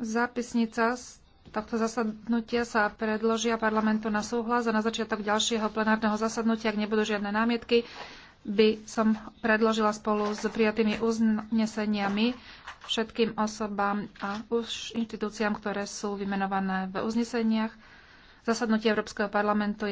Zápisnica z tohto zasadnutia sa predložia parlamentu na súhlas a na začiatok ďalšieho plenárneho zasadnutia, ak nebudú žiadne námietky, by som predložila spolu s prijatými uzneseniami všetkým osobám a už inštitúciám, ktoré sú vymenované v uzneseniach. Zasadnutie Európskeho parlamentu